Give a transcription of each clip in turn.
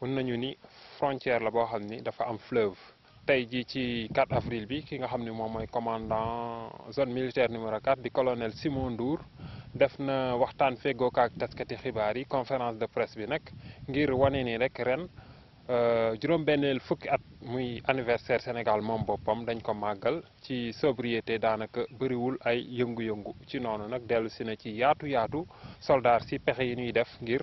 mën nañu ni frontière la boo xam ni dafa am fleuve tey jii ci 4 avril bi ki nga xam ne moom mooy commandant zone militaire numéro 4 di colonel Simon Ndour def na waxtaan feggook ak taskati xibaar yi conférence de presse bi nag ngir wane ni rek ren euh, juróom-benneel fukki at muy anniversaire Sénégal moom boppam dañ ko màggal ci sobriété daanaka bëriwul ay yëngu-yëngu ci noonu nag dellusi na ci yaatu yaatu soldaar si pexe yi ñuy def ngir.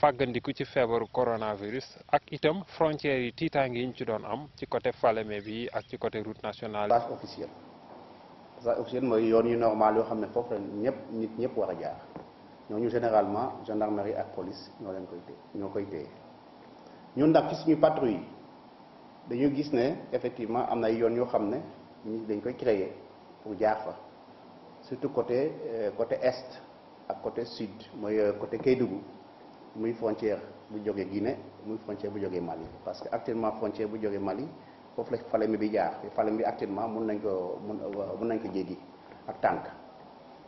fagandiku ci feebaru coronavirus ak itam frontières yi tiitaange yi ñu ci doon am ci côté Falémé bi ak ci côté route nationale. passage officiel passage officiel moy yoon yu normal yo xam ne foofu la nit ñep wara jaar ñoo ñu généralement gendarmerie ak police ñoo leen koy téye ñoo koy téye ñun ndax ci suñu patrouille dañu gis né effectivement amna yoon yo xam ñi dañ koy créer pour jaar fa surtout côté euh, côté est ak côté sud moy euh, côté Kédougou. muy frontière bu jógee Guinée muy frontière bu jógee Mali parce que actuellement frontière bu jógee Mali foofu la Falémé bi jaar Falémé bi actuellement mun nañ ko mun mun nañ ko jéggi ak tànk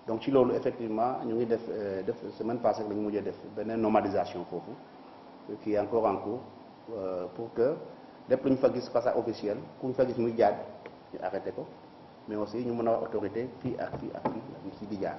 donc ci loolu effectivement ñu ngi def euh, def semaine passée la ñu mujjee def beneen normalisation foofu qui est encore en euh, pour que lépp lu ñu fa gis passage officiel ku ñu fa gis muy jaar ñu arrêté ko mais aussi ñu mën a wax autorité fii ak fii ak fii ci jaar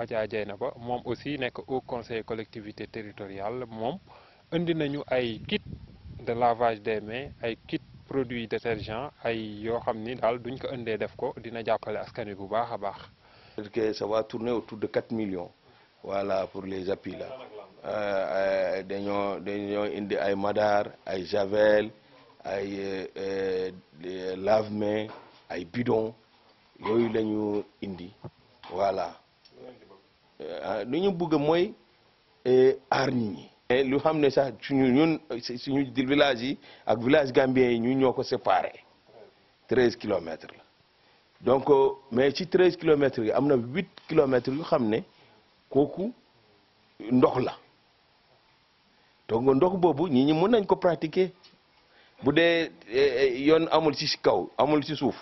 Adja Naba, mom aussi nek au conseil collectivité territoriale mom andi nañu ay kit de lavage des mains ay kit produit détergent ay yo xamni dal duñ ko ëndé def ko dina jàppale askan wi bu baaxa baax. cest à que ça va tourner autour de 4 millions. voilà pour les appuis là euh, dañoo dañoo indi ay madar ay javel ay euh, euh, lave-mains ay bidon yoyu lañu indi voilà Euh, lu ñu bëgg mooy euh, aar nit ñi. lu xam ne sax suñu ñun suñu di village yi ak village gambien yi ñu ñoo ko séparé treize kilomètres la donc euh, mais ci treize kilomètres yi am na huit kilomètres yu xam ne kooku ndox la donc ndox boobu ñi ñi mën nañ ko pratiquer bu dee yoon amul ci kaw amul ci suuf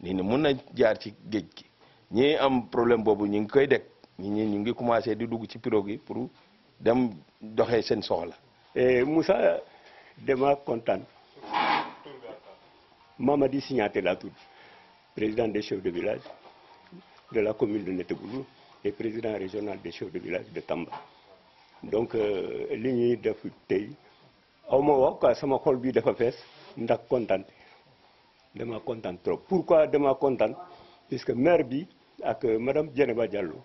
nit ñi mun nañ jaar ci géej gi ñi am problème boobu ñu ngi koy dégg. nit ñi ñu ngi commencé di dugg ci pirogue pour dem doxee seen soxla. Eh, Moussa dama kontaan Mamadi Signaté laa tudd président des chefs de village de la commune de Neteboulou et président régional des chefs de village de Tamba donc euh, li ñuy def tey aw ma wax quoi sama xol bi dafa fees ndax kontaan demaa kontaan trop pourquoi demaa kontaan puisque maire bi ak euh, madame Djeneba Diallo.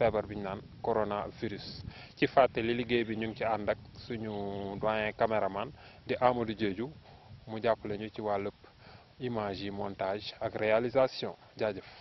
feebar bi ñu naan coronavirus ci fàttali liggéey bi ñu ngi ci ànd ak suñu doyen caméraman di Amadou Diédiou mu jàppale ñu ci wàllub image yi montage ak réalisation jaajëf.